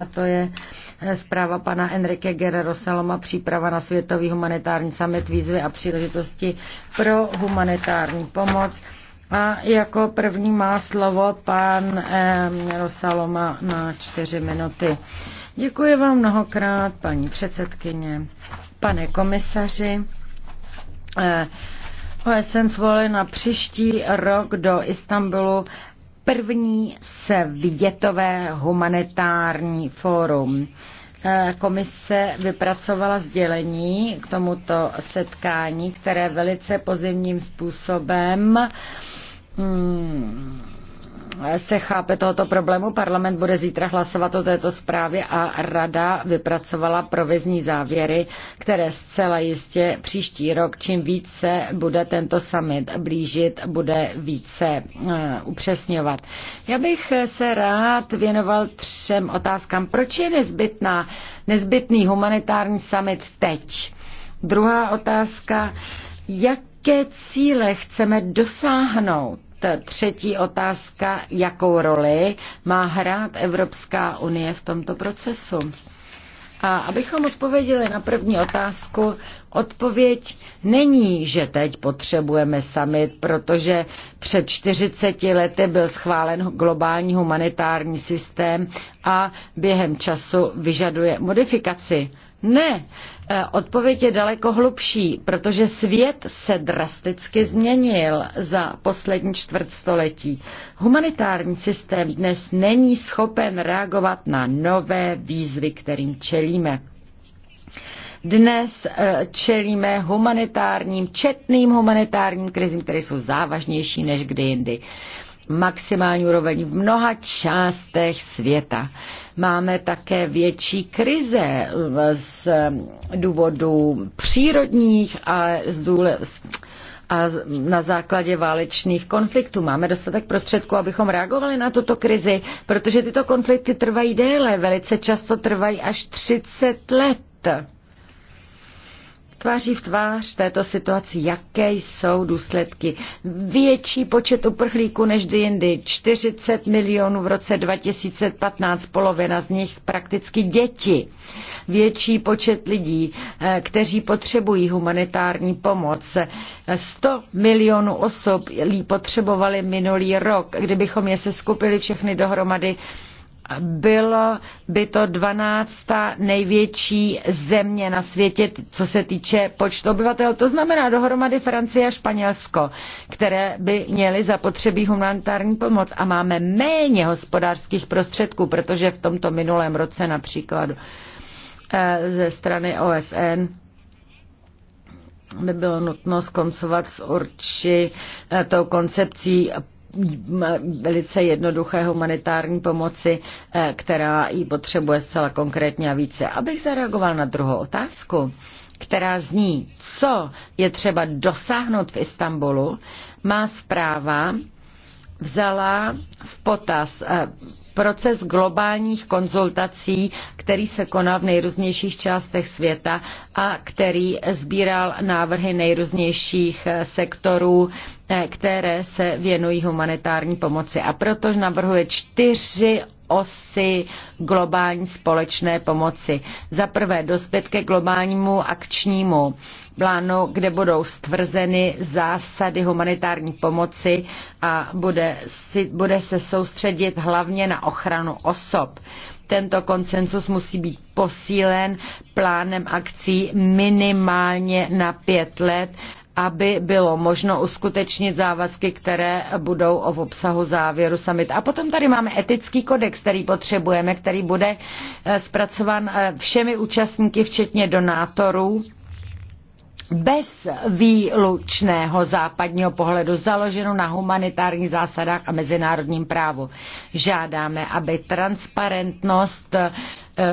A to je eh, zpráva pana Enrique Guerrero Saloma, příprava na Světový humanitární summit výzvy a příležitosti pro humanitární pomoc. A jako první má slovo pan eh, Rosaloma na čtyři minuty. Děkuji vám mnohokrát, paní předsedkyně, pane komisaři. Eh, OSN zvolil na příští rok do Istanbulu první světové humanitární fórum. Eh, komise vypracovala sdělení k tomuto setkání, které velice pozivním způsobem hmm, se chápe tohoto problému. Parlament bude zítra hlasovat o této zprávě a rada vypracovala provizní závěry, které zcela jistě příští rok, čím více bude tento summit blížit, bude více eh, upřesňovat. Já bych se rád věnoval třem otázkám. Proč je nezbytná, nezbytný humanitární summit teď? Druhá otázka, jaké cíle chceme dosáhnout? třetí otázka, jakou roli má hrát Evropská unie v tomto procesu. A abychom odpověděli na první otázku, odpověď není, že teď potřebujeme summit, protože před 40 lety byl schválen globální humanitární systém a během času vyžaduje modifikaci. Ne, eh, odpověď je daleko hlubší, protože svět se drasticky změnil za poslední čtvrtstoletí. Humanitární systém dnes není schopen reagovat na nové výzvy, kterým čelíme. Dnes eh, čelíme humanitárním, četným humanitárním krizím, které jsou závažnější než kdy jindy maximální úroveň v mnoha částech světa. Máme také větší krize z důvodu přírodních a z důle, a na základě válečných konfliktů. Máme dostatek prostředků, abychom reagovali na tuto krizi, protože tyto konflikty trvají déle, velice často trvají až 30 let tváří v tvář této situaci, jaké jsou důsledky. Větší počet uprchlíků než kdy jindy, 40 milionů v roce 2015, polovina z nich prakticky děti. Větší počet lidí, eh, kteří potřebují humanitární pomoc. 100 milionů osob ji potřebovali minulý rok. Kdybychom je seskupili všechny dohromady, bylo by to 12. největší země na světě, co se týče počtu obyvatel. To znamená dohromady Francie a Španělsko, které by měly zapotřebí humanitární pomoc. A máme méně hospodářských prostředků, protože v tomto minulém roce například eh, ze strany OSN by bylo nutno skoncovat s určitou eh, koncepcí velice jednoduché humanitární pomoci, eh, která ji potřebuje zcela konkrétně a více. Abych zareagoval na druhou otázku, která zní, co je třeba dosáhnout v Istanbulu, má zpráva vzala v potaz eh, proces globálních konzultací, který se konal v nejrůznějších částech světa a který sbíral návrhy nejrůznějších eh, sektorů, eh, které se věnují humanitární pomoci. A proto navrhuje čtyři osy globální společné pomoci. Za prvé dospět ke globálnímu akčnímu plánu, kde budou stvrzeny zásady humanitární pomoci a bude, si, bude se soustředit hlavně na ochranu osob. Tento konsensus musí být posílen plánem akcí minimálně na pět let, aby bylo možno uskutečnit závazky, které budou o obsahu závěru summit. A potom tady máme etický kodex, který potřebujeme, který bude eh, zpracován eh, všemi účastníky, včetně donátorů bez výlučného západního pohledu, založeno na humanitárních zásadách a mezinárodním právu. Žádáme, aby transparentnost eh,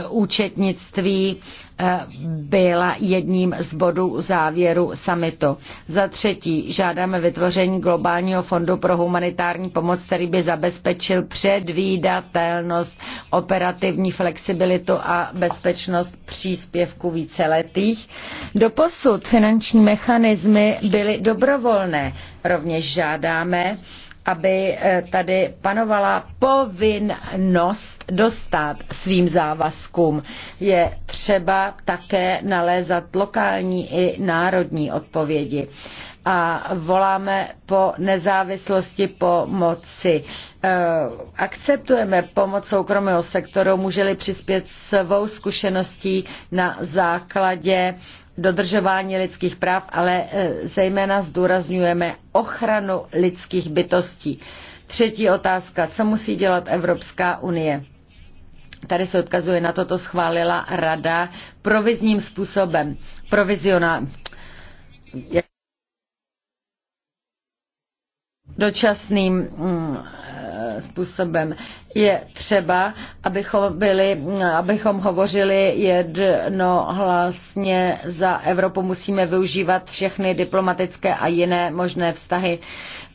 účetnictví eh, byla jedním z bodů závěru samitu. Za třetí, žádáme vytvoření globálního fondu pro humanitární pomoc, který by zabezpečil předvídatelnost, operativní flexibilitu a bezpečnost příspěvků víceletých. Doposud finanční mechanismy byly dobrovolné. Rovněž žádáme, aby eh, tady panovala povinnost dostat svým závazkům. Je třeba také nalézat lokální i národní odpovědi. A voláme po nezávislosti pomoci. Eh, akceptujeme pomoc soukromého sektoru, můželi přispět svou zkušeností na základě dodržování lidských práv, ale e, zejména zdůrazňujeme ochranu lidských bytostí. Třetí otázka, co musí dělat Evropská unie? Tady se odkazuje na to, to schválila rada provizním způsobem. Provizioná. Dočasným mm, způsobem. Je třeba, abychom, byli, abychom hovořili jednohlasně za Evropu. Musíme využívat všechny diplomatické a jiné možné vztahy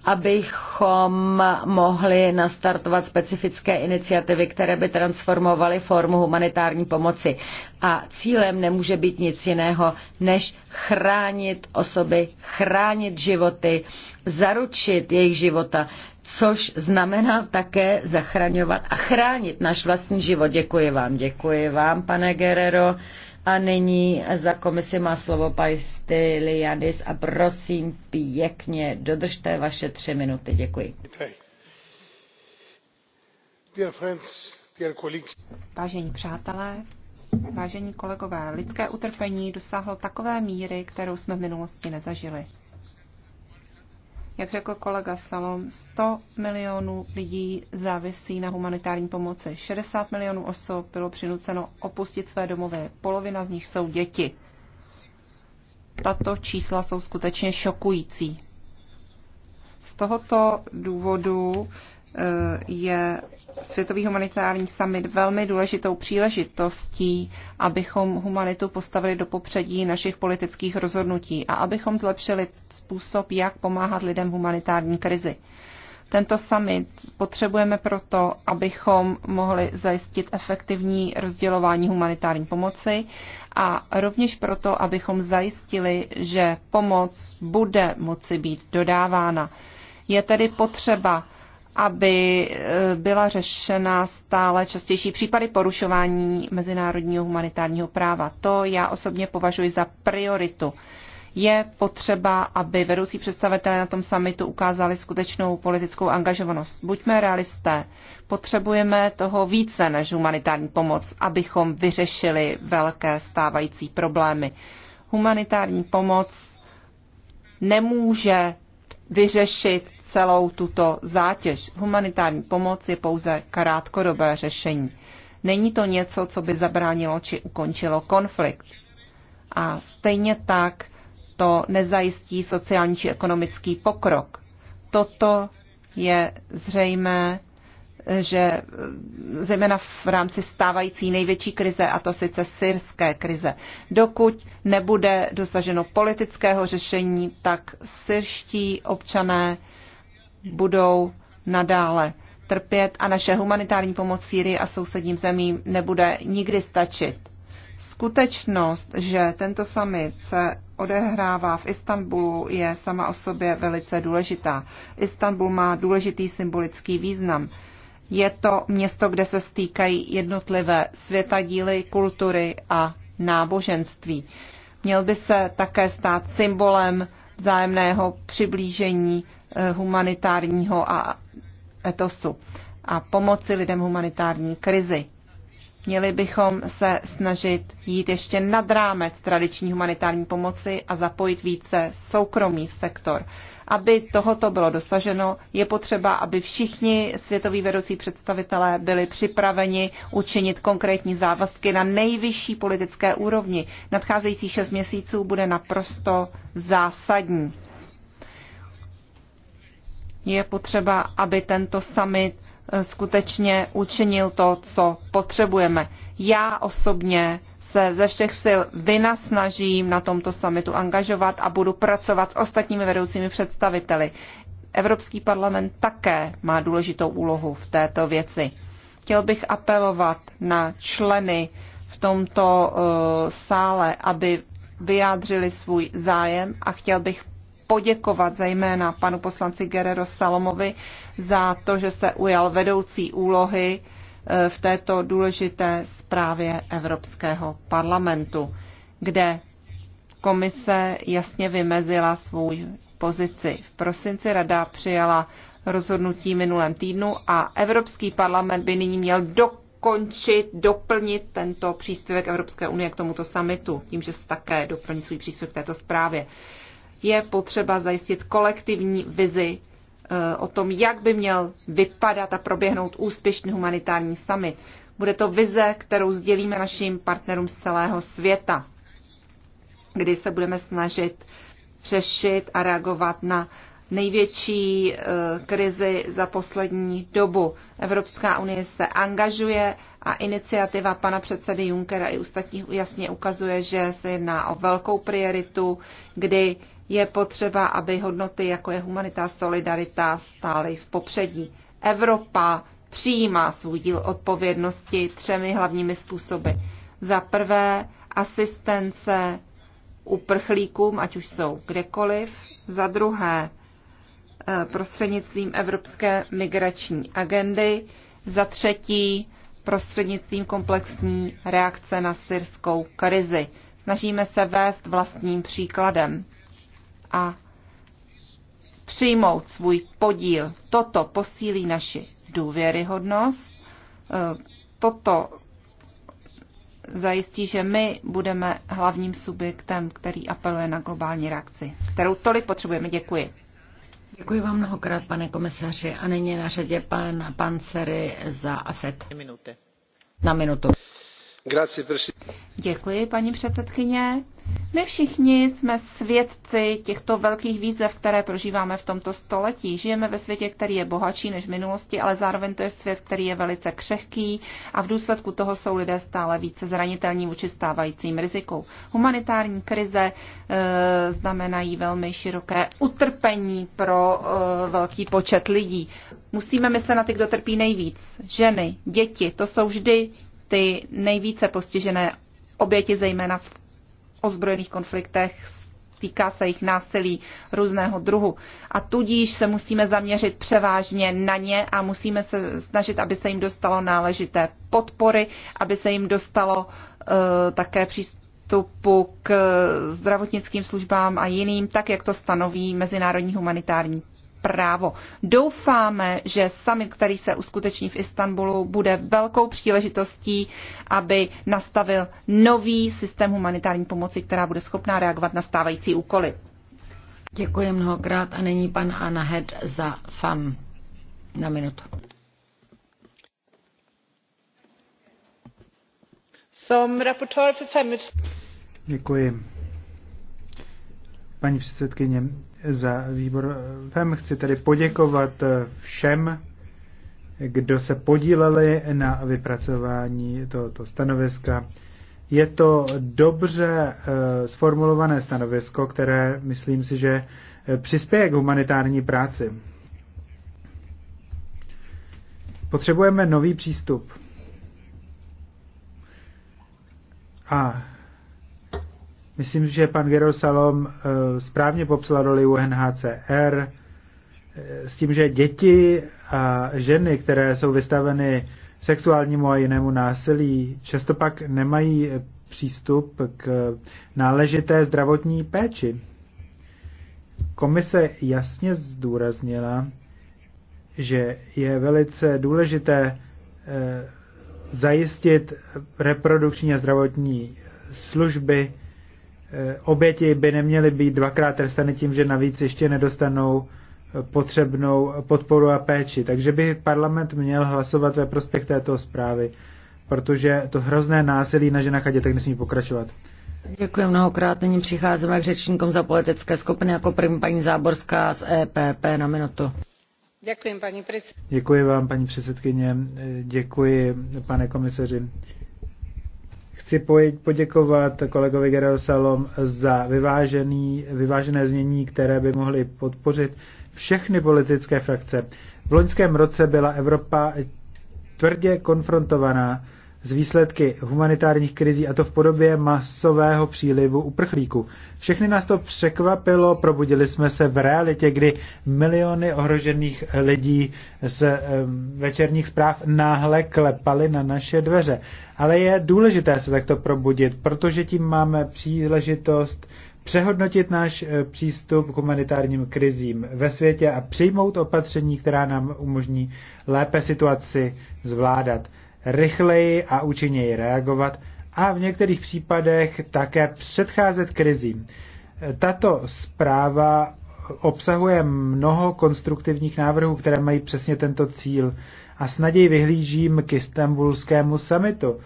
abychom mohli nastartovat specifické iniciativy, které by transformovaly formu humanitární pomoci. A cílem nemůže být nic jiného, než chránit osoby, chránit životy, zaručit jejich života což znamená také zachraňovat a chránit náš vlastní život. Děkuji vám, děkuji vám, pane Guerrero. A nyní za komisi má slovo Pajsty Styliadis a prosím pěkně, dodržte vaše tři minuty. Děkuji. Vážení přátelé, vážení kolegové, lidské utrpení dosáhlo takové míry, kterou jsme v minulosti nezažili. Jak řekl kolega Salom, 100 milionů lidí závisí na humanitární pomoci. 60 milionů osob bylo přinuceno opustit své domovy. Polovina z nich jsou děti. Tato čísla jsou skutečně šokující. Z tohoto důvodu Eh, je Světový humanitární summit velmi důležitou příležitostí, abychom humanitu postavili do popředí našich politických rozhodnutí a abychom zlepšili způsob, jak pomáhat lidem v humanitární krizi. Tento summit potřebujeme proto, abychom mohli zajistit efektivní rozdělování humanitární pomoci a rovněž proto, abychom zajistili, že pomoc bude moci být dodávána. Je tedy potřeba aby eh, byla řešena stále častější případy porušování mezinárodního humanitárního práva. To já osobně považuji za prioritu. Je potřeba, aby vedoucí představitelé na tom samitu ukázali skutečnou politickou angažovanost. Buďme realisté. Potřebujeme toho více než humanitární pomoc, abychom vyřešili velké stávající problémy. Humanitární pomoc nemůže vyřešit celou tuto zátěž. Humanitární pomoc je pouze krátkodobé řešení. Není to něco, co by zabránilo či ukončilo konflikt. A stejně tak to nezajistí sociální či ekonomický pokrok. Toto je zřejmé, že zejména v rámci stávající největší krize, a to sice syrské krize, dokud nebude dosaženo politického řešení, tak syrští občané budou nadále trpět a naše humanitární pomoc Sýrii a sousedním zemím nebude nikdy stačit. Skutečnost, že tento summit se odehrává v Istanbulu, je sama o sobě velice důležitá. Istanbul má důležitý symbolický význam. Je to město, kde se stýkají jednotlivé světadíly, kultury a náboženství. Měl by se také stát symbolem vzájemného přiblížení Eh, humanitárního a etosu a pomoci lidem humanitární krizi. Měli bychom se snažit jít ještě nad rámec tradiční humanitární pomoci a zapojit více soukromý sektor. Aby tohoto bylo dosaženo, je potřeba, aby všichni světoví vedoucí představitelé byli připraveni učinit konkrétní závazky na nejvyšší politické úrovni. Nadcházející šest měsíců bude naprosto zásadní. Je potřeba, aby tento summit eh, skutečně učinil to, co potřebujeme. Já osobně se ze všech sil vynasnažím na tomto summitu angažovat a budu pracovat s ostatními vedoucími představiteli. Evropský parlament také má důležitou úlohu v této věci. Chtěl bych apelovat na členy v tomto uh, sále, aby vyjádřili svůj zájem a chtěl bych poděkovat zejména panu poslanci Gerero Salomovi za to, že se ujal vedoucí úlohy eh, v této důležité zprávě Evropského parlamentu, kde komise jasně vymezila svůj pozici. V prosinci rada přijala rozhodnutí minulém týdnu a Evropský parlament by nyní měl dokončit, doplnit tento příspěvek Evropské unie k tomuto samitu, tím, že se také doplní svůj příspěvek k této zprávě je potřeba zajistit kolektivní vizi eh, o tom, jak by měl vypadat a proběhnout úspěšný humanitární summit. Bude to vize, kterou sdělíme našim partnerům z celého světa, kdy se budeme snažit řešit a reagovat na největší eh, krizi za poslední dobu. Evropská unie se angažuje a iniciativa pana předsedy Junckera i ostatních jasně ukazuje, že se jedná o velkou prioritu, kdy je potřeba, aby hodnoty jako je humanita, solidarita stály v popředí. Evropa přijímá svůj díl odpovědnosti třemi hlavními způsoby. Za prvé asistence uprchlíkům, ať už jsou kdekoliv. Za druhé eh, prostřednictvím Evropské migrační agendy. Za třetí prostřednictvím komplexní reakce na syrskou krizi. Snažíme se vést vlastním příkladem a přijmout svůj podíl. Toto posílí naši důvěryhodnost, e, toto zajistí, že my budeme hlavním subjektem, který apeluje na globální reakci, kterou tolik potřebujeme. Děkuji. Děkuji vám mnohokrát, pane komisaři. A nyní na řadě pan Pancery za AFET. Na minutu. Děkuji, paní předsedkyně. My všichni jsme svědci těchto velkých výzev, které prožíváme v tomto století. Žijeme ve světě, který je bohatší než v minulosti, ale zároveň to je svět, který je velice křehký a v důsledku toho jsou lidé stále více zranitelní vůči stávajícím riziku. Humanitární krize e, znamenají velmi široké utrpení pro e, velký počet lidí. Musíme myslet na ty, kdo trpí nejvíc. Ženy, děti, to jsou vždy ty nejvíce postižené oběti, zejména v ozbrojených konfliktech, týká se jich násilí různého druhu. A tudíž se musíme zaměřit převážně na ně a musíme se snažit, aby se jim dostalo náležité podpory, aby se jim dostalo uh, také přístup k zdravotnickým službám a jiným, tak jak to stanoví mezinárodní humanitární právo. Doufáme, že summit, který se uskuteční v Istanbulu, bude velkou příležitostí, aby nastavil nový systém humanitární pomoci, která bude schopná reagovat na stávající úkoly. Děkuji mnohokrát a není pan Anna Hed za FAM na minutu. Som Děkuji. Paní předsedkyně, za výbor FEM. Chci tedy poděkovat všem, kdo se podíleli na vypracování tohoto stanoviska. Je to dobře e, sformulované stanovisko, které myslím si, že eh, přispěje k humanitární práci. Potřebujeme nový přístup. A Myslím, že pan Gerosalom Salom eh, správně popsal roli UNHCR eh, s tím, že děti a ženy, které jsou vystaveny sexuálnímu a jinému násilí, často pak nemají přístup k náležité zdravotní péči. Komise jasně zdůraznila, že je velice důležité eh, zajistit reprodukční a zdravotní služby Eh, oběti by neměly být dvakrát trestany tím, že navíc ještě nedostanou eh, potřebnou podporu a péči. Takže by parlament měl hlasovat ve prospěch této zprávy, protože to hrozné násilí na ženách a dětech nesmí pokračovat. Děkuji mnohokrát. Nyní přicházíme k řečníkům za politické skupiny jako první paní Záborská z EPP na minutu. Děkuji, paní Děkuji vám, paní předsedkyně. Eh, děkuji, pane komisaři. Chci poděkovat kolegovi Gerardo Salom za vyvážený, vyvážené znění, které by mohly podpořit všechny politické frakce. V loňském roce byla Evropa tvrdě konfrontovaná z výsledky humanitárních krizí a to v podobě masového přílivu uprchlíků. Všechny nás to překvapilo, probudili jsme se v realitě, kdy miliony ohrožených lidí z večerních zpráv náhle klepaly na naše dveře. Ale je důležité se takto probudit, protože tím máme příležitost přehodnotit náš e, přístup k humanitárním krizím ve světě a přijmout opatření, která nám umožní lépe situaci zvládat rychleji a účinněji reagovat a v některých případech také předcházet krizím. Tato zpráva obsahuje mnoho konstruktivních návrhů, které mají přesně tento cíl a s naději vyhlížím k istambulskému samitu.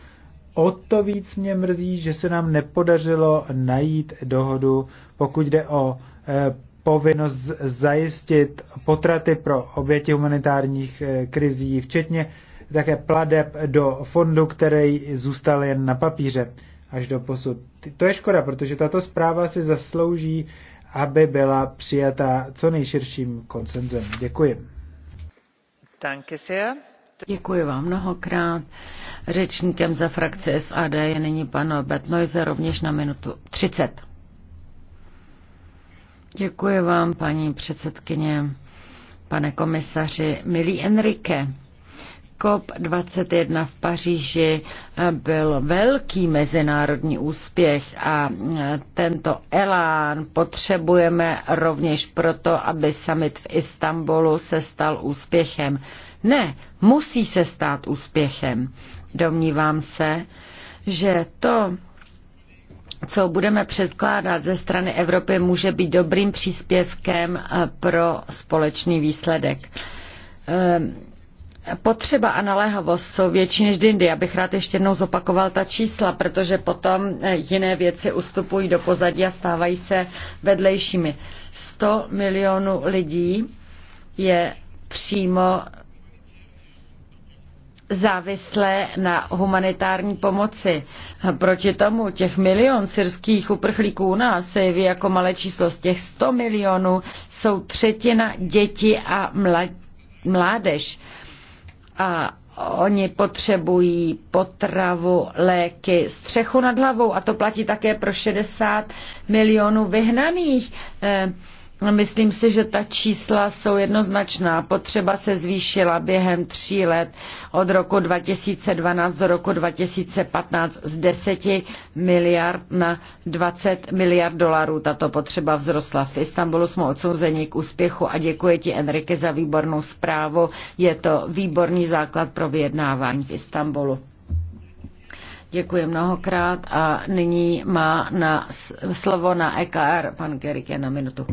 O to víc mě mrzí, že se nám nepodařilo najít dohodu, pokud jde o e, povinnost zajistit potraty pro oběti humanitárních e, krizí, včetně také pladeb do fondu, který zůstal jen na papíře až do posud. To je škoda, protože tato zpráva si zaslouží, aby byla přijata co nejširším koncenzem. Děkuji. Děkuji vám mnohokrát. Řečníkem za frakci SAD je nyní pan Albert rovněž na minutu 30. Děkuji vám, paní předsedkyně, pane komisaři, milý Enrique. COP21 v Paříži eh, byl velký mezinárodní úspěch a eh, tento elán potřebujeme rovněž proto, aby summit v Istanbulu se stal úspěchem. Ne, musí se stát úspěchem. Domnívám se, že to, co budeme předkládat ze strany Evropy, může být dobrým příspěvkem eh, pro společný výsledek Potřeba a naléhavost jsou větší než dindy. Já bych rád ještě jednou zopakoval ta čísla, protože potom eh, jiné věci ustupují do pozadí a stávají se vedlejšími. 100 milionů lidí je přímo závislé na humanitární pomoci. Proti tomu těch milion syrských uprchlíků u nás se jeví jako malé číslo. Z těch 100 milionů jsou třetina děti a mládež a oni potřebují potravu, léky, střechu nad hlavou a to platí také pro 60 milionů vyhnaných. Eh, No, myslím si, že ta čísla jsou jednoznačná. Potřeba se zvýšila během tří let od roku 2012 do roku 2015 z 10 miliard na 20 miliard dolarů. Tato potřeba vzrostla. V Istanbulu jsme odsouzeni k úspěchu a děkuji ti, Enrique, za výbornou zprávu. Je to výborný základ pro vyjednávání v Istanbulu. Děkuji mnohokrát a nyní má na slovo na EKR pan Gerik na minutu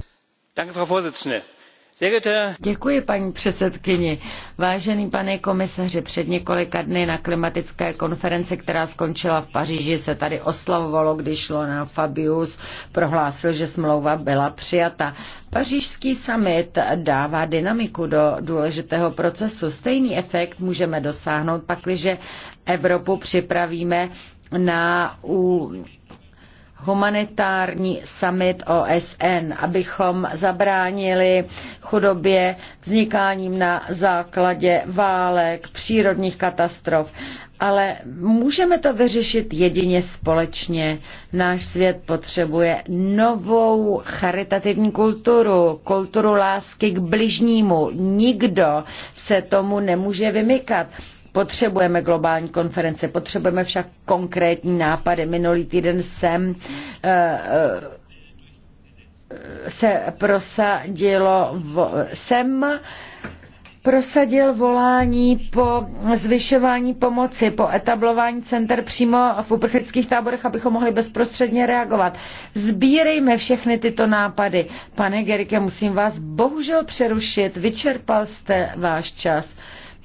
paní předsedající Vážený pane komisaři, před několika dny na klimatické konferenci, která skončila v Paříži, se tady oslavovalo, když Lona Fabius prohlásil, že smlouva byla přijata. Pařížský summit dává dynamiku do důležitého procesu. Stejný efekt můžeme dosáhnout, pakliže Evropu připravíme na u humanitární summit OSN, abychom zabránili chudobě vznikáním na základě válek, přírodních katastrof. Ale můžeme to vyřešit jedině společně. Náš svět potřebuje novou charitativní kulturu, kulturu lásky k bližnímu. Nikdo se tomu nemůže vymykat. Potřebujeme globální konference, potřebujeme však konkrétní nápady. Minulý týden jsem eh, eh, se prosadilo sem prosadil volání po zvyšování pomoci, po etablování center přímo v uprchlických táborech, abychom mohli bezprostředně reagovat. Zbírejme všechny tyto nápady. Pane Gerike, musím vás bohužel přerušit. Vyčerpal jste váš čas.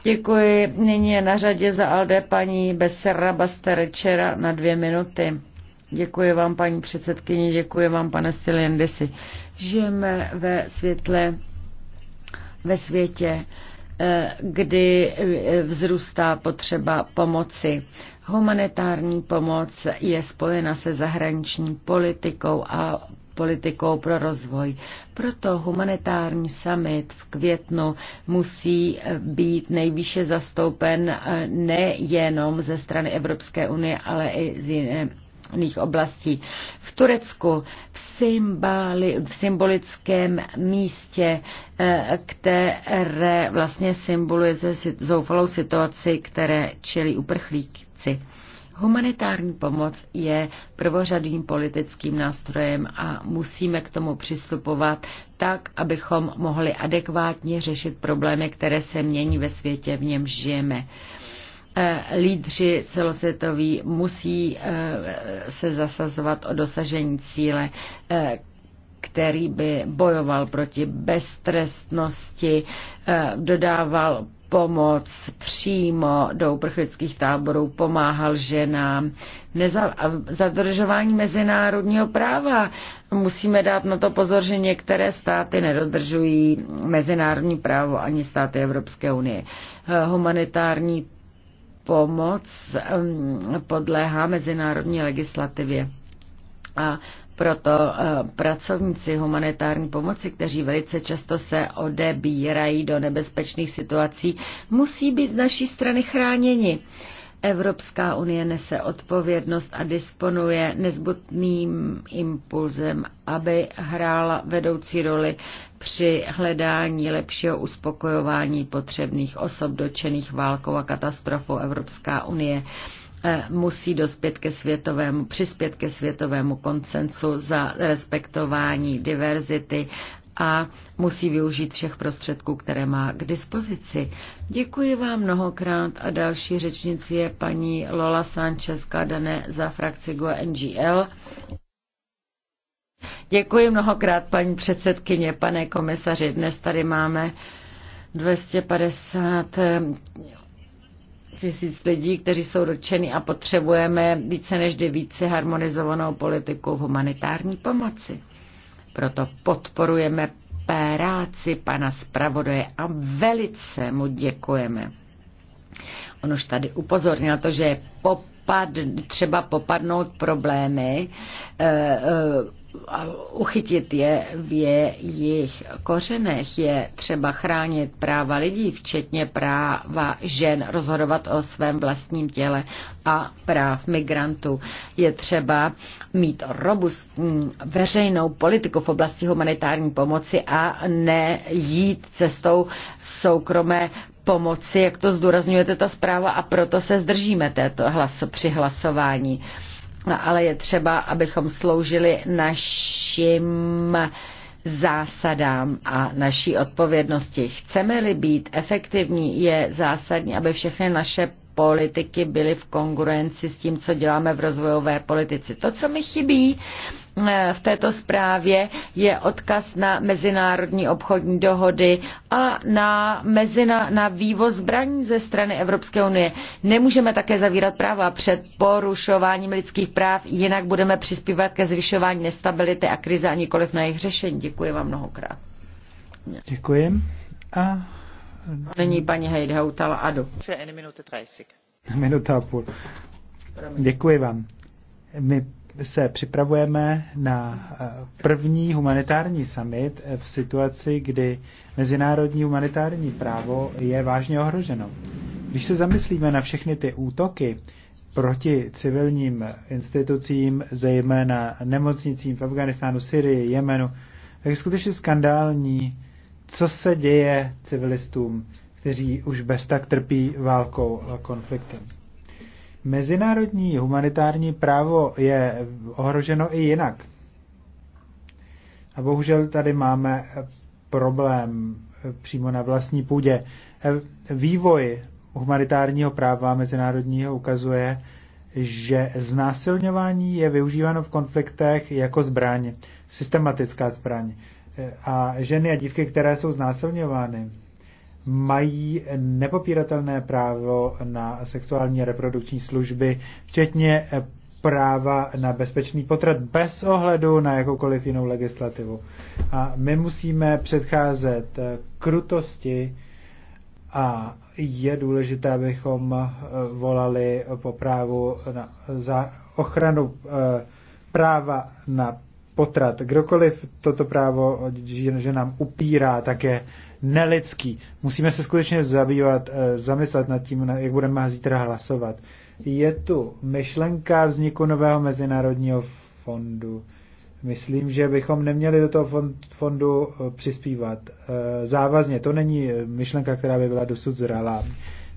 Děkuji. Nyní je na řadě za Alde paní Beserra Basterečera na dvě minuty. Děkuji vám, paní předsedkyně, děkuji vám, pane Styliendisi. Žijeme ve světle, ve světě, eh, kdy eh, vzrůstá potřeba pomoci. Humanitární pomoc je spojena se zahraniční politikou a politikou pro rozvoj. Proto humanitární summit v květnu musí být nejvýše zastoupen eh, nejenom ze strany Evropské unie, ale i z jiné jiných oblastí. V Turecku v, symboli, v symbolickém místě, eh, které vlastně symbolizuje zoufalou situaci, které čelí uprchlíci. Humanitární pomoc je prvořadým politickým nástrojem a musíme k tomu přistupovat tak, abychom mohli adekvátně řešit problémy, které se mění ve světě, v němž žijeme eh, lídři celosvětoví musí eh, se zasazovat o dosažení cíle, eh, který by bojoval proti beztrestnosti, dodával pomoc přímo do uprchlických táborů, pomáhal ženám. Neza- zadržování mezinárodního práva. Musíme dát na to pozor, že některé státy nedodržují mezinárodní právo ani státy Evropské unie. Humanitární pomoc podléhá mezinárodní legislativě. A proto eh, pracovníci humanitární pomoci, kteří velice často se odebírají do nebezpečných situací, musí být z naší strany chráněni. Evropská unie nese odpovědnost a disponuje nezbytným impulzem, aby hrála vedoucí roli při hledání lepšího uspokojování potřebných osob dočených válkou a katastrofou Evropská unie E, musí dospět ke světovému, přispět ke světovému koncensu za respektování diverzity a musí využít všech prostředků, které má k dispozici. Děkuji vám mnohokrát a další řečnici je paní Lola Sanchez Kadane za frakci GO NGL. Děkuji mnohokrát, paní předsedkyně, pane komisaři. Dnes tady máme 250 tisíc lidí, kteří jsou dotčeni a potřebujeme více než kdy více harmonizovanou politiku v humanitární pomoci. Proto podporujeme práci pana zpravodaje a velice mu děkujeme. On už tady upozornil to, že popad, třeba popadnout problémy, e, e, uchytit je v jejich kořenech. Je třeba chránit práva lidí, včetně práva žen rozhodovat o svém vlastním těle a práv migrantů. Je třeba mít robustní veřejnou politiku v oblasti humanitární pomoci a nejít cestou soukromé pomoci, jak to zdůrazňujete ta zpráva, a proto se zdržíme této hlas, při hlasování. No, ale je třeba, abychom sloužili našim zásadám a naší odpovědnosti. Chceme-li být efektivní, je zásadní, aby všechny naše politiky byly v kongruenci s tím, co děláme v rozvojové politice. To, co mi chybí eh, v této zprávě, je odkaz na mezinárodní obchodní dohody a na, mezina, na vývoz zbraní ze strany Evropské unie. Nemůžeme také zavírat práva před porušováním lidských práv, jinak budeme přispívat ke zvyšování nestability a krize a nikoliv na jejich řešení. Děkuji vám mnohokrát. Děkuji. A Není paní Heide Hautala Adu. Minuta a půl. Děkuji vám. My se připravujeme na eh, první humanitární summit v situaci, kdy mezinárodní humanitární právo je vážně ohroženo. Když se zamyslíme na všechny ty útoky proti civilním institucím, zejména nemocnicím v Afganistánu, Syrii, Jemenu, tak je skutečně skandální, co se děje civilistům, kteří už bez tak trpí válkou a konfliktem. Mezinárodní humanitární právo je ohroženo i jinak. A bohužel tady máme problém přímo na vlastní půdě. Vývoj humanitárního práva mezinárodního ukazuje, že znásilňování je využíváno v konfliktech jako zbraň, systematická zbraň a ženy a dívky, které jsou znásilňovány, mají nepopíratelné právo na sexuální a reprodukční služby, včetně eh, práva na bezpečný potrat bez ohledu na jakoukoliv jinou legislativu. A my musíme předcházet eh, krutosti a je důležité, abychom eh, volali po právu na, za ochranu práva na potrat. Kdokoliv toto právo ženám upírá, tak je nelidský. Musíme se skutečně zabývat, eh, zamyslet nad tím, jak budeme zítra hlasovat. Je tu myšlenka vzniku nového mezinárodního fondu. Myslím, že bychom neměli do toho fondu eh, přispívat eh, závazně. To není myšlenka, která by byla dosud zralá.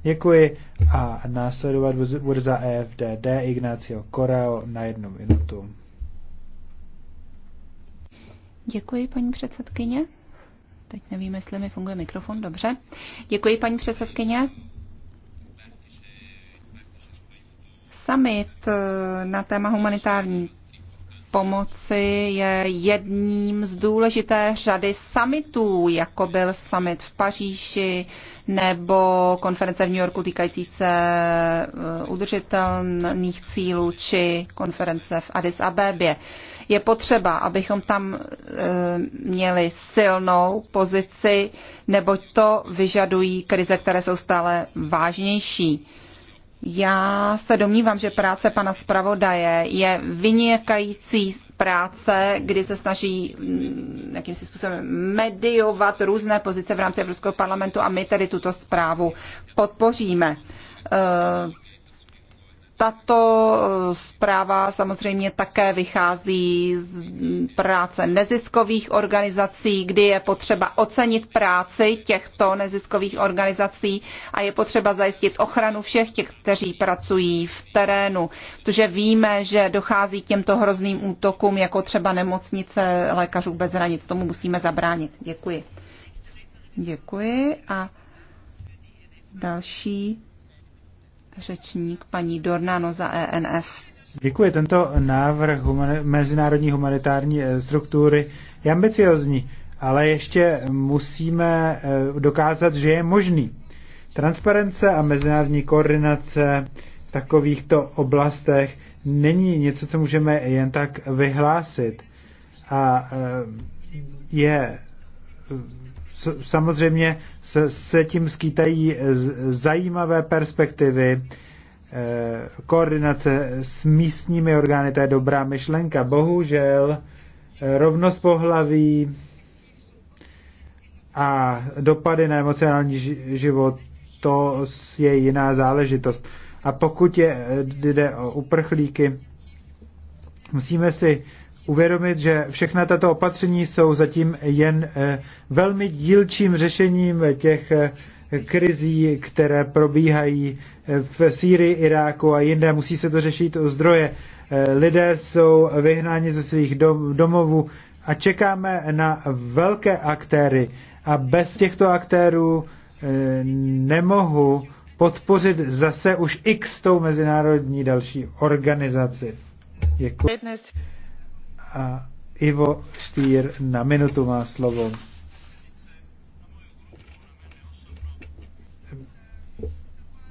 Děkuji a následovat bude za EFDD Ignacio Corao na jednu minutu. Děkuji, paní předsedkyně. Teď nevím, jestli mi funguje mikrofon. Dobře. Děkuji, paní předsedkyně. Summit eh, na téma humanitární pomoci je jedním z důležité řady summitů, jako byl summit v Paříži nebo konference v New Yorku týkající se eh, udržitelných cílů či konference v Addis Abebě. Je potřeba, abychom tam eh, měli silnou pozici, neboť to vyžadují krize, které jsou stále vážnější. Já se domnívám, že práce pana zpravodaje je vynikající práce, kdy se snaží mm, jakýmsi způsobem mediovat různé pozice v rámci Evropského parlamentu a my tedy tuto zprávu podpoříme. Eh, tato eh, zpráva samozřejmě také vychází z práce neziskových organizací, kdy je potřeba ocenit práci těchto neziskových organizací a je potřeba zajistit ochranu všech těch, kteří pracují v terénu. Protože víme, že dochází k těmto hrozným útokům, jako třeba nemocnice lékařů bez hranic. Tomu musíme zabránit. Děkuji. Děkuji a další řečník paní Dornano za ENF. Děkuji. Tento návrh humani- mezinárodní humanitární eh, struktury je ambiciozní, ale ještě musíme eh, dokázat, že je možný. Transparence a mezinárodní koordinace v takovýchto oblastech není něco, co můžeme jen tak vyhlásit. A eh, je samozřejmě se, se tím skýtají zajímavé perspektivy eh, koordinace s místními orgány, to je dobrá myšlenka. Bohužel eh, rovnost pohlaví a dopady na emocionální život, to je jiná záležitost. A pokud je, jde o uprchlíky, musíme si uvědomit, že všechna tato opatření jsou zatím jen eh, velmi dílčím řešením těch eh, krizí, které probíhají eh, v Sýrii, Iráku a jinde. Musí se to řešit o zdroje. Lidé jsou vyhnáni ze svých domovů a čekáme na velké aktéry. A bez těchto aktérů nemohu podpořit zase už x tou mezinárodní další organizaci. Děkuji. A Ivo Štýr na minutu má slovo.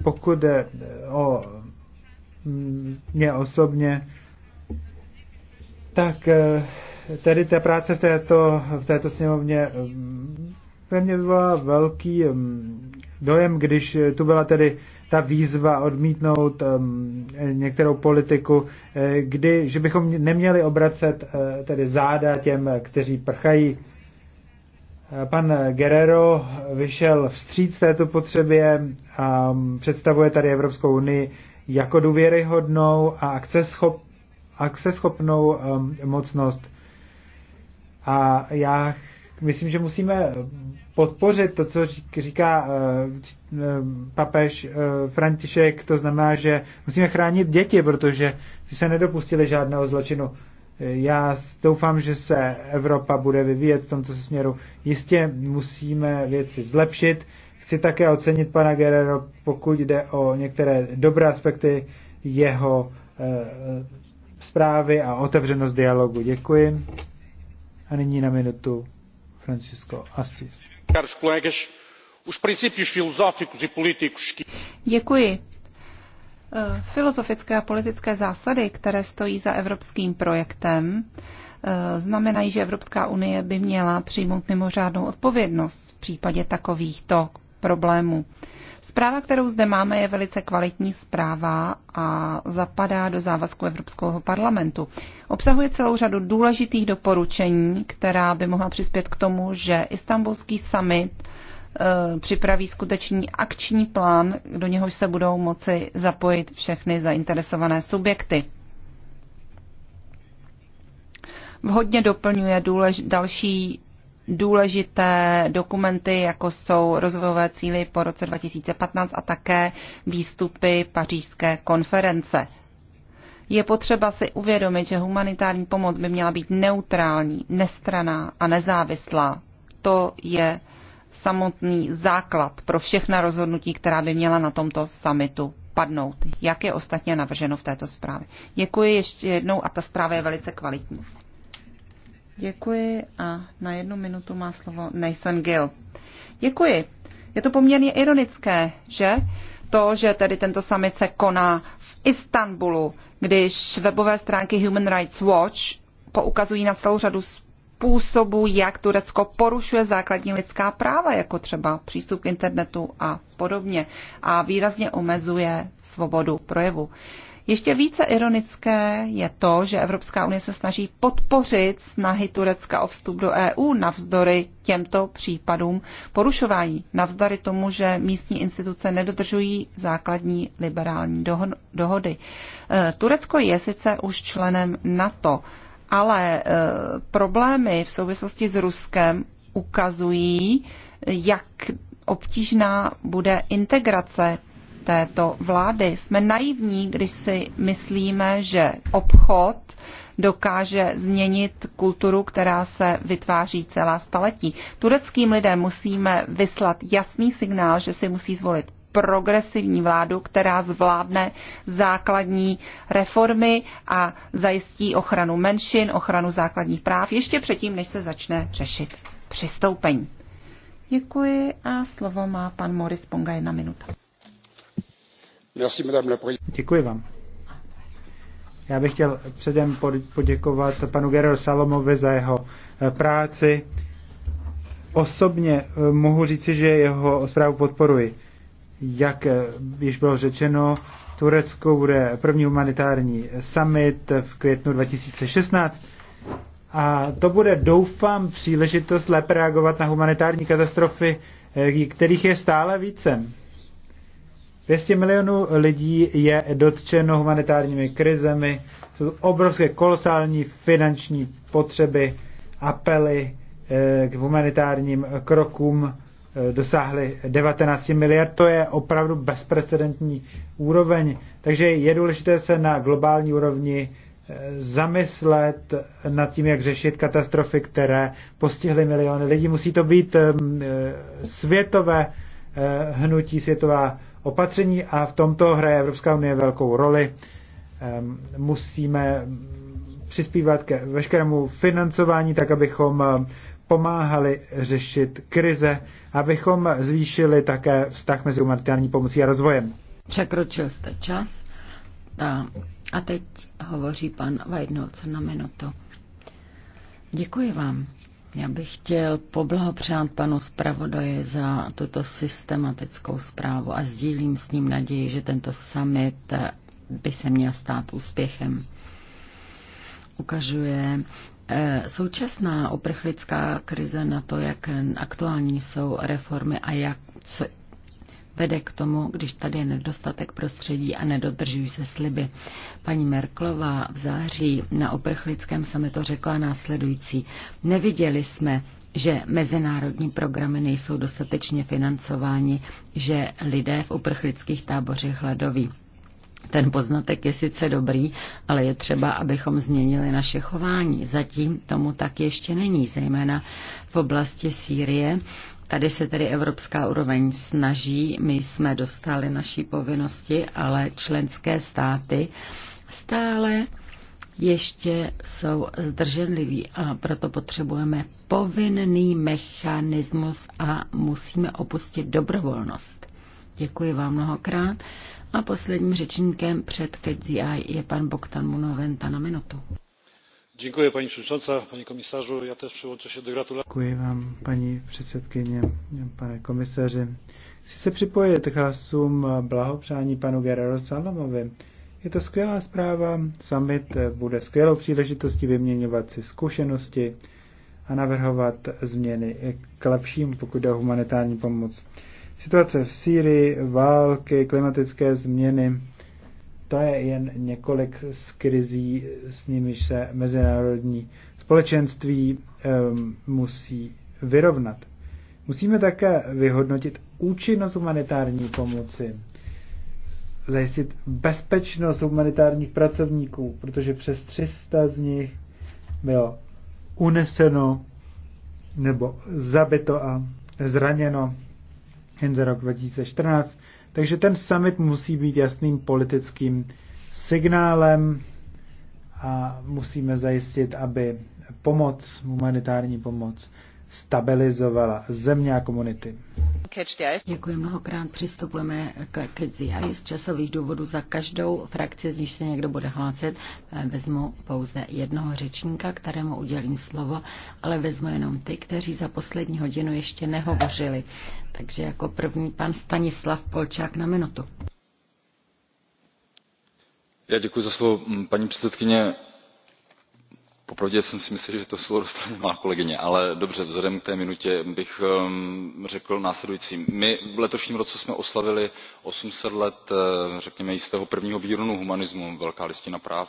Pokud jde o mě osobně, tak eh, tedy ta práce v této, v této sněmovně eh, ve mně byla velký mm, dojem, když tu byla tedy ta výzva odmítnout um, některou politiku, eh, kdy, že bychom neměli obracet uh, tedy záda těm, kteří prchají. Eh, pan Guerrero vyšel vstříc této potřebě a mm, představuje tady Evropskou unii jako důvěryhodnou a akceschopnou mocnost. A já myslím, že musíme podpořit to, co říká eh, eh, papež eh, František, to znamená, že musíme chránit děti, protože ty se nedopustili žádného zločinu. Já doufám, že se Evropa bude vyvíjet v tomto směru. Jistě musíme věci zlepšit. Chci také ocenit pana Guerrero, pokud jde o některé dobré aspekty jeho zprávy a otevřenost dialogu. Děkuji. A nyní na minutu Francisco Assis. E Děkuji. Eh, filozofické a politické zásady, které stojí za evropským projektem, eh, znamenají, že Evropská unie by měla přijmout mimořádnou odpovědnost v případě takovýchto problémů. Zpráva, kterou zde máme, je velice kvalitní zpráva a zapadá do závazku Evropského parlamentu. Obsahuje celou řadu důležitých doporučení, která by mohla přispět k tomu, že Istanbulský summit eh, připraví skutečný akční plán, do něhož se budou moci zapojit všechny zainteresované subjekty. Vhodně doplňuje důlež, další důležité dokumenty, jako jsou rozvojové cíly po roce 2015 a také výstupy pařížské konference. Je potřeba si uvědomit, že humanitární pomoc by měla být neutrální, nestraná a nezávislá. To je samotný základ pro všechna rozhodnutí, která by měla na tomto summitu padnout, jak je ostatně navrženo v této zprávě. Děkuji ještě jednou a ta zpráva je velice kvalitní. Děkuji a na jednu minutu má slovo Nathan Gill. Děkuji. Je to poměrně ironické, že? To, že tedy tento summit se koná v Istanbulu, když webové stránky Human Rights Watch poukazují na celou řadu způsobů, jak Turecko porušuje základní lidská práva, jako třeba přístup k internetu a podobně, a výrazně omezuje svobodu projevu. Ještě více ironické je to, že Evropská unie se snaží podpořit snahy Turecka o vstup do EU navzdory těmto případům porušování, navzdory tomu, že místní instituce nedodržují základní liberální dohody. E, Turecko je sice už členem NATO, ale e, problémy v souvislosti s Ruskem ukazují, jak obtížná bude integrace této vlády. Jsme naivní, když si myslíme, že obchod dokáže změnit kulturu, která se vytváří celá staletí. Tureckým lidem musíme vyslat jasný signál, že si musí zvolit progresivní vládu, která zvládne základní reformy a zajistí ochranu menšin, ochranu základních práv ještě předtím, než se začne řešit přistoupení. Děkuji a slovo má pan Moris Ponga jedna minuta. Děkuji vám. Já bych chtěl předem poděkovat panu Gerard Salomovi za jeho eh, práci. Osobně eh, mohu říci, že jeho zprávu podporuji. Jak eh, již bylo řečeno, Turecko bude první humanitární summit v květnu 2016 a to bude, doufám, příležitost lépe reagovat na humanitární katastrofy, kterých je stále vícem. 200 milionů lidí je dotčeno humanitárními krizemi, jsou obrovské kolosální finanční potřeby, apely eh, k humanitárním krokům eh, dosáhly 19 miliard. To je opravdu bezprecedentní úroveň. Takže je důležité se na globální úrovni eh, zamyslet nad tím, jak řešit katastrofy, které postihly miliony lidí. Musí to být světové hnutí, světová opatření a v tomto hraje Evropská unie velkou roli. Ehm, musíme přispívat ke veškerému financování, tak abychom ehm, pomáhali řešit krize, abychom zvýšili také vztah mezi humanitární pomocí a rozvojem. Překročil jste čas a, a teď hovoří pan Weidnolce na minutu. Děkuji vám. Já bych chtěl poblahopřát panu zpravodaji za tuto systematickou zprávu a sdílím s ním naději, že tento summit eh, by se měl stát úspěchem. Ukazuje eh, současná oprchlická krize na to, jak aktuální jsou reformy a jak, co, vede k tomu, když tady je nedostatek prostředí a nedodržují se sliby. Paní Merklová v září na oprchlickém sametu řekla následující. Neviděli jsme, že mezinárodní programy nejsou dostatečně financováni, že lidé v uprchlických tábořech hladoví. Ten poznatek je sice dobrý, ale je třeba, abychom změnili naše chování. Zatím tomu tak ještě není, zejména v oblasti Sýrie, Tady se tedy evropská úroveň snaží, my jsme dostali naší povinnosti, ale členské státy stále ještě jsou zdrženliví a proto potřebujeme povinný mechanismus a musíme opustit dobrovolnost. Děkuji vám mnohokrát a posledním řečníkem před KDI je pan Bogdan Munoven na minutu. Děkuji, paní předsedající, pane komisaři. já také přiłączę się do gratulací. Děkuji vám, paní předsedkyně, pane komisaři. Chci se připojit k hlasům blahopřání panu Gerardo Salamovi. Je to skvělá zpráva, summit bude skvělou příležitostí vyměňovat si zkušenosti a navrhovat změny k lepšímu, pokud jde o humanitární pomoc. Situace v Sýrii, války, klimatické změny, to je jen několik z krizí, s nimiž se mezinárodní společenství um, musí vyrovnat. Musíme také vyhodnotit účinnost humanitární pomoci, zajistit bezpečnost humanitárních pracovníků, protože přes 300 z nich bylo uneseno nebo zabito a zraněno jen za rok 2014 takže ten summit musí být jasným politickým signálem a musíme zajistit, aby pomoc, humanitární pomoc, stabilizovala země a komunity. Děkuji mnohokrát. Přistupujeme k KCI z časových důvodů. Za každou frakci, z níž se někdo bude hlásit, eh, vezmu pouze jednoho řečníka, kterému udělím slovo, ale vezmu jenom ty, kteří za poslední hodinu ještě nehovořili. Takže jako první pan Stanislav Polčák na minutu. Já děkuji za slovo, paní předsedkyně popravdě jsem si myslel že to slovo dostane má kolegyně ale dobře vzhledem k té minutě bych um, řekl následující my v letošním roce jsme oslavili eight hundred let eh, řekněme jistého prvního výronu humanismu velká listina práv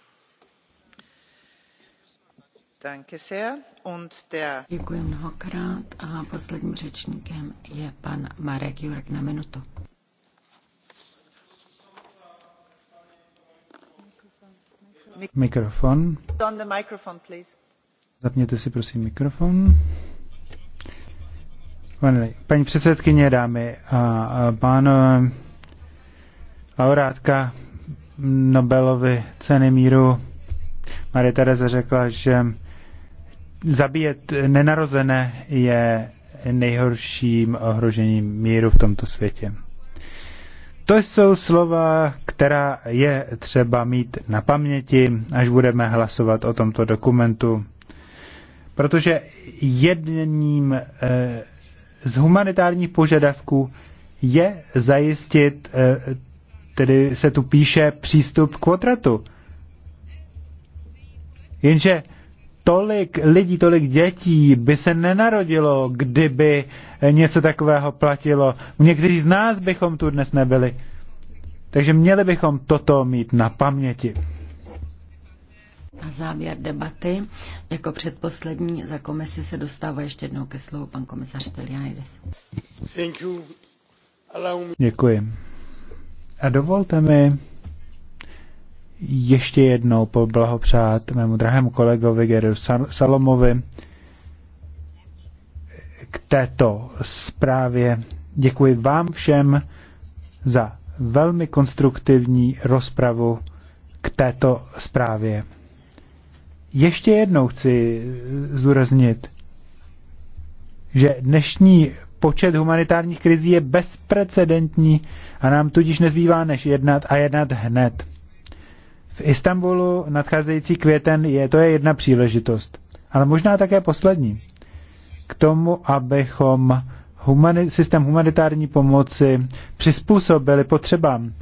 Děkuji mnohokrát a posledním řečníkem je pan Marek Jurek na minutu. Mikrofon. Zapněte si prosím mikrofon. Paní předsedkyně, dámy a pánové, laureátka Nobelovy ceny míru Marie Tereza řekla, že zabíjet nenarozené je nejhorším ohrožením míru v tomto světě. To jsou slova, která je třeba mít na paměti, až budeme hlasovat o tomto dokumentu. Protože jedním eh, z humanitárních požadavků je zajistit, eh, tedy se tu píše, přístup k otratu. Jenže tolik lidí, tolik dětí by se nenarodilo, kdyby něco takového platilo. Někteří z nás bychom tu dnes nebyli. Takže měli bychom toto mít na paměti. Na závěr debaty. Jako předposlední za komisi se dostává ještě jednou ke slovu pan komisař Stelianides. Děkuji. A dovolte mi ještě jednou poblahopřát mému drahému kolegovi Geru Salomovi k této zprávě. Děkuji vám všem za velmi konstruktivní rozpravu k této zprávě. Ještě jednou chci zdůraznit, že dnešní počet humanitárních krizí je bezprecedentní a nám tudíž nezbývá než jednat a jednat hned. V Istanbulu nadcházející květen je, to je jedna příležitost, ale možná také poslední. K tomu, abychom humani- systém humanitární pomoci přizpůsobili potřebám,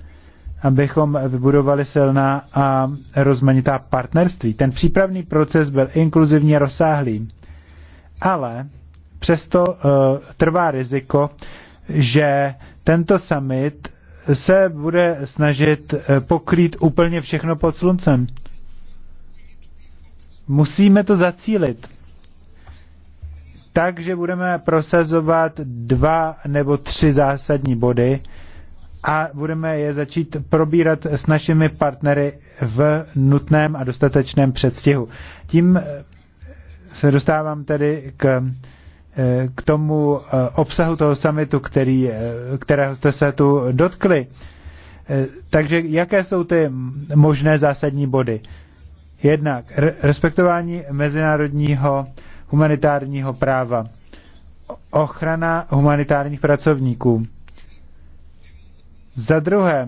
abychom vybudovali silná a rozmanitá partnerství. Ten přípravný proces byl inkluzivní rozsáhlý, ale přesto uh, trvá riziko, že tento summit se bude snažit eh, pokrýt úplně všechno pod sluncem. Musíme to zacílit. Takže budeme prosazovat dva nebo tři zásadní body a budeme je začít probírat s našimi partnery v nutném a dostatečném předstihu. Tím eh, se dostávám tedy k Eh, k tomu eh, obsahu toho summitu, který, eh, kterého jste se tu dotkli. Takže jaké jsou ty možné zásadní body? Jednak respektování mezinárodního humanitárního práva, ochrana humanitárních pracovníků. Za druhé,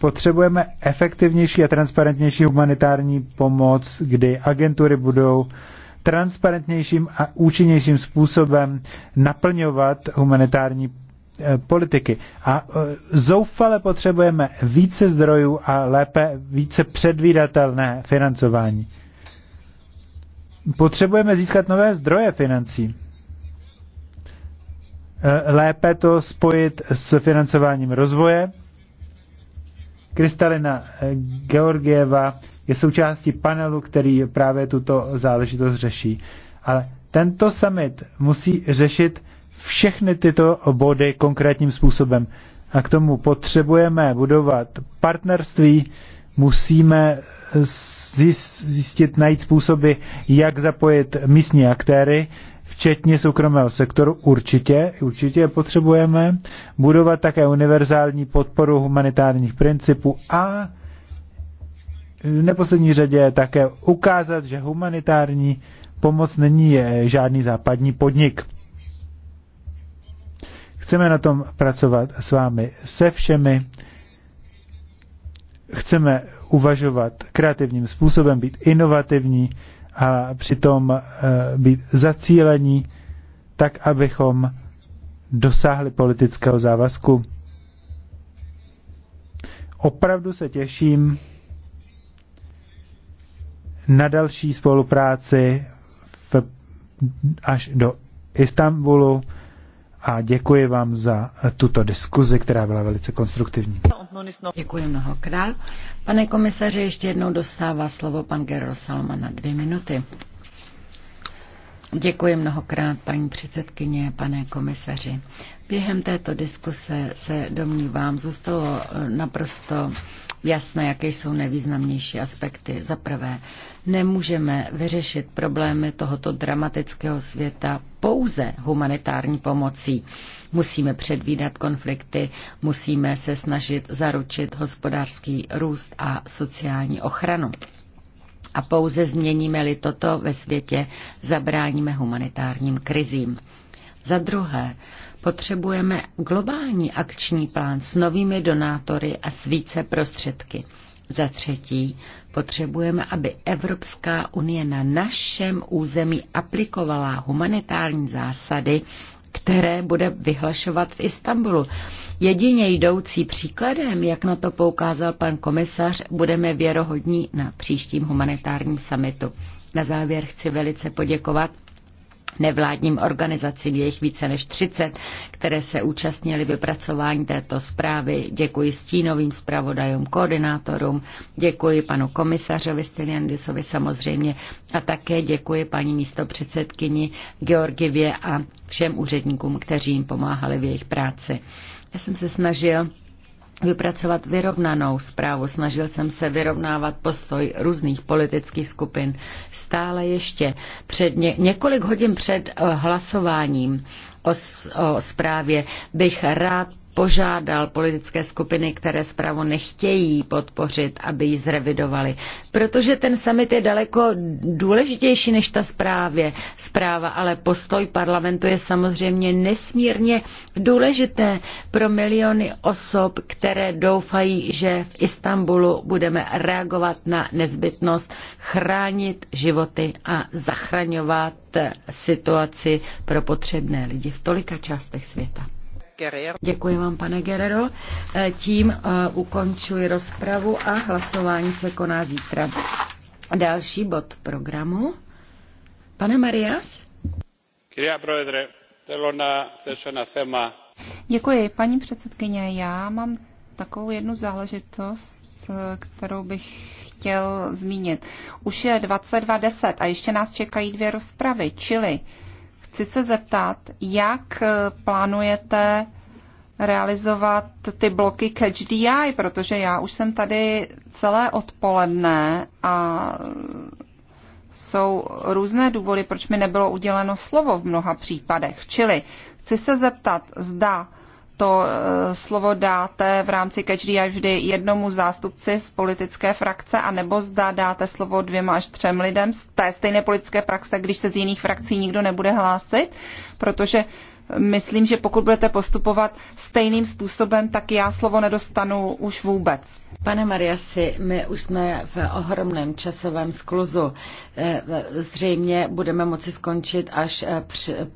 potřebujeme efektivnější a transparentnější humanitární pomoc, kdy agentury budou transparentnějším a účinnějším způsobem naplňovat humanitární eh, politiky. A eh, zoufale potřebujeme více zdrojů a lépe, více předvídatelné financování. Potřebujeme získat nové zdroje financí. Eh, lépe to spojit s financováním rozvoje Kristalina eh, Georgieva je součástí panelu, který právě tuto záležitost řeší. Ale tento summit musí řešit všechny tyto body konkrétním způsobem. A k tomu potřebujeme budovat partnerství, musíme zjistit, najít způsoby, jak zapojit místní aktéry včetně soukromého sektoru, určitě, určitě je potřebujeme, budovat také univerzální podporu humanitárních principů a v neposlední řadě také ukázat, že humanitární pomoc není žádný západní podnik. Chceme na tom pracovat s vámi se všemi. Chceme uvažovat kreativním způsobem, být inovativní, a přitom eh, být zacílení tak, abychom dosáhli politického závazku. Opravdu se těším na další spolupráci v, až do Istanbulu a děkuji vám za tuto diskuzi, která byla velice konstruktivní. Děkuji mnohokrát. Pane komisaři, ještě jednou dostává slovo pan Gerol Salma na dvě minuty. Děkuji mnohokrát, paní předsedkyně, pane komisaři. Během této diskuse se domnívám, zůstalo naprosto jasné, jaké jsou nejvýznamnější aspekty. Za prvé, nemůžeme vyřešit problémy tohoto dramatického světa pouze humanitární pomocí. Musíme předvídat konflikty, musíme se snažit zaručit hospodářský růst a sociální ochranu. A pouze změníme-li toto ve světě, zabráníme humanitárním krizím. Za druhé, potřebujeme globální akční plán s novými donátory a s více prostředky. Za třetí, potřebujeme, aby Evropská unie na našem území aplikovala humanitární zásady které bude vyhlašovat v Istanbulu. Jedině jdoucí příkladem, jak na to poukázal pan komisař, budeme věrohodní na příštím humanitárním summitu. Na závěr chci velice poděkovat nevládním organizacím. Je jich více než 30, které se účastnili vypracování této zprávy. Děkuji stínovým zpravodajům, koordinátorům, děkuji panu komisařovi Stylianisovi samozřejmě a také děkuji paní místopředsedkyni Georgivě a všem úředníkům, kteří jim pomáhali v jejich práci. Já jsem se snažil vypracovat vyrovnanou zprávu. Snažil jsem se vyrovnávat postoj různých politických skupin. Stále ještě před ně, několik hodin před eh, hlasováním o, o zprávě bych rád požádal politické skupiny, které zprávu nechtějí podpořit, aby ji zrevidovali. Protože ten summit je daleko důležitější než ta zprávě, zpráva, ale postoj parlamentu je samozřejmě nesmírně důležité pro miliony osob, které doufají, že v Istanbulu budeme reagovat na nezbytnost chránit životy a zachraňovat situaci pro potřebné lidi v tolika částech světa. Děkuji vám, pane Guerrero. Eh, tím eh, ukončuji rozpravu a hlasování se koná zítra. Další bod programu. Pane Marias? Děkuji, paní předsedkyně. Já mám takovou jednu záležitost, eh, kterou bych chtěl zmínit. Už je 22.10 a ještě nás čekají dvě rozpravy, čili Chci se zeptat, jak eh, plánujete realizovat ty bloky Catch DI, protože já už jsem tady celé odpoledne a jsou různé důvody, proč mi nebylo uděleno slovo v mnoha případech. Čili chci se zeptat, zda to eh, slovo dáte v rámci Catch the vždy jednomu zástupci z politické frakce, anebo zda dáte slovo dvěma až třem lidem z té stejné politické frakce, když se z jiných frakcí nikdo nebude hlásit, protože myslím, že pokud budete postupovat stejným způsobem, tak já slovo nedostanu už vůbec. Pane Mariasi, my už jsme v ohromném časovém skluzu. Eh, Zřejmě budeme moci skončit až eh,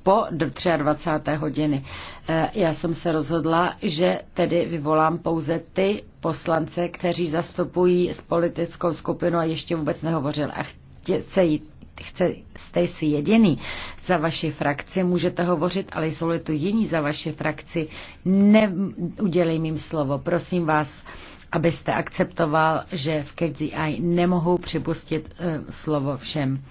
po 23. hodiny. Eh, já jsem se rozhodla, že tedy vyvolám pouze ty poslance, kteří zastupují s politickou skupinu a ještě vůbec nehovořil a chtějí chce, jste si jediný za vaši frakci, můžete hovořit, ale jsou-li tu jiní za vaši frakci, neudělím jim slovo. Prosím vás, abyste akceptoval, že v KDI nemohu připustit uh, slovo všem.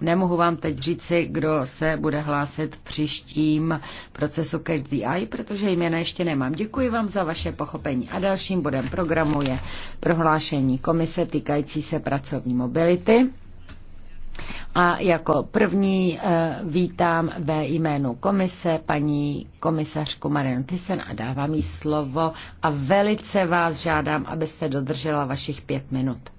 Nemohu vám teď říci, kdo se bude hlásit v příštím procesu KDI, protože jména ještě nemám. Děkuji vám za vaše pochopení. A dalším bodem programu je prohlášení komise týkající se pracovní mobility. A jako první eh, vítám ve jménu komise paní komisařku Marianu Thyssen a dávám jí slovo a velice vás žádám, abyste dodržela vašich pět minut.